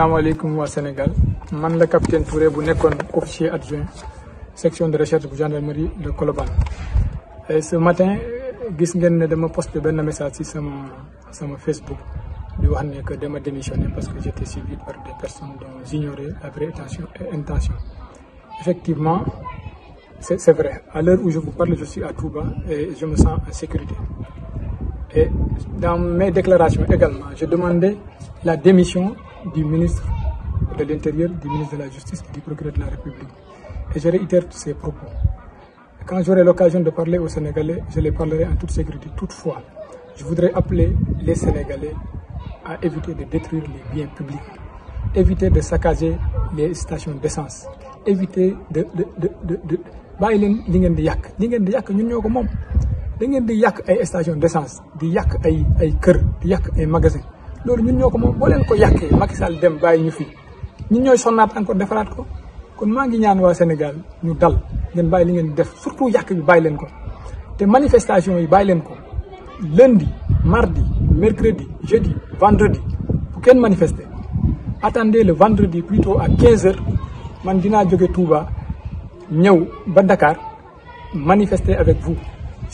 alaikum wa Sénégal Je suis le capitaine Touré bu nekkoon officier adjoint section de recherche la gendarmerie de Kolobane et ce matin gis ngeen ne dama posté benn message sur sur mon Facebook di wax que dama démissionné parce que j'étais suivi par des personnes dont j'ignorais la vraie intention effectivement c'est vrai à l'heure où je vous parle je suis à Touba et je me sens en sécurité et dans mes déclarations également je demandais la démission du ministre de l'Intérieur, du ministre de la Justice et du procureur de la République. Et je réitère ces propos. Quand j'aurai l'occasion de parler aux Sénégalais, je les parlerai en toute sécurité. Toutefois, je voudrais appeler les Sénégalais à éviter de détruire les biens publics, éviter de saccager les stations d'essence, éviter de... de, de, de, de bàyyi di di ñun da d'essence di yak ay ay loolu ñun ñoko ko bo len ko yaké Macky Sall dem bay ñu fi ñun ñoy sonnaat encore défarat ko kon ma ngi ñaan wa Sénégal ñu dal ngeen bay li ngeen def surtout yak bi bay len ko té manifestation yi bay len ko lundi mardi mercredi jeudi vendredi pour ken manifester attendez le vendredi plutôt à 15 heures man dina joggé Touba ñëw ba Dakar manifester avec vous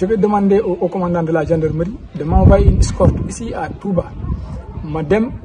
je vais demander au, au commandant de la gendarmerie de m'envoyer une escorte ici à Touba Madam.